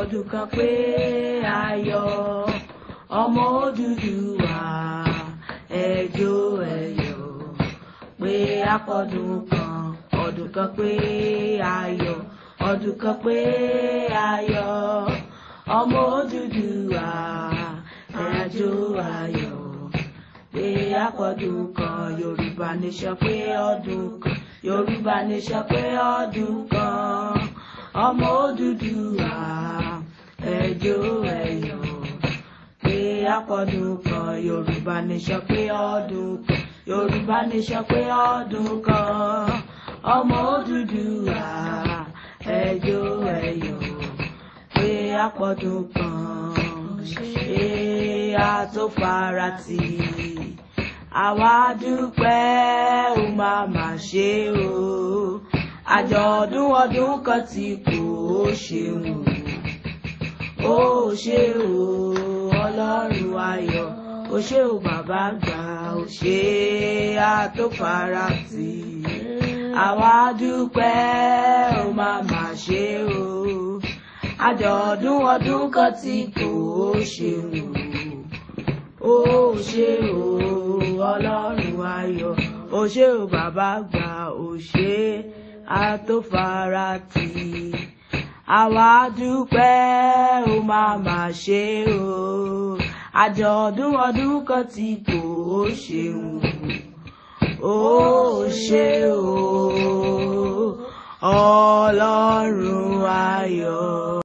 ọdún kan pé ayọ̀ ọmọ wa ẹjọ́ ẹ̀yọ̀ pé akọdún kan ọdún kan pé ayọ̀ ọdún kan pé ayọ̀ ọmọ Odùduwà ẹjọ́ ayọ̀ pé akọdún kan Yorùbá nation pé ọdún kan Yorùbá nation pé ọdún kan ọmọ Odùduwà jó ẹ̀yàn pé àpọ̀dún kan Yorùbá nation pé ọdún kan Yorùbá nation pé ọdún kan ọmọ Odùduwà ẹ jó ẹ̀yàn pé àpọ̀dún kan ṣe àtòfarati àwa dúpẹ́ ó máa mà ṣe o àjọ̀dún ọdún kan tí kò ṣeun o o ọlọ́run ayọ̀ o ṣé o bàbá gbà o ṣé àtòfarasí àwa dúpẹ́ o má má ṣe o àjọ̀dún ọdún kan tí kò ṣe o ó ṣe o ọlọ́run ayọ̀ o ṣé o bàbá gbà o ṣé àtòfarasí àwa dúpẹ́ ó máa má ṣe o àjọ̀dún ọdún kan tí kò ó ṣeun ó ṣe o ọlọ́run ayọ̀.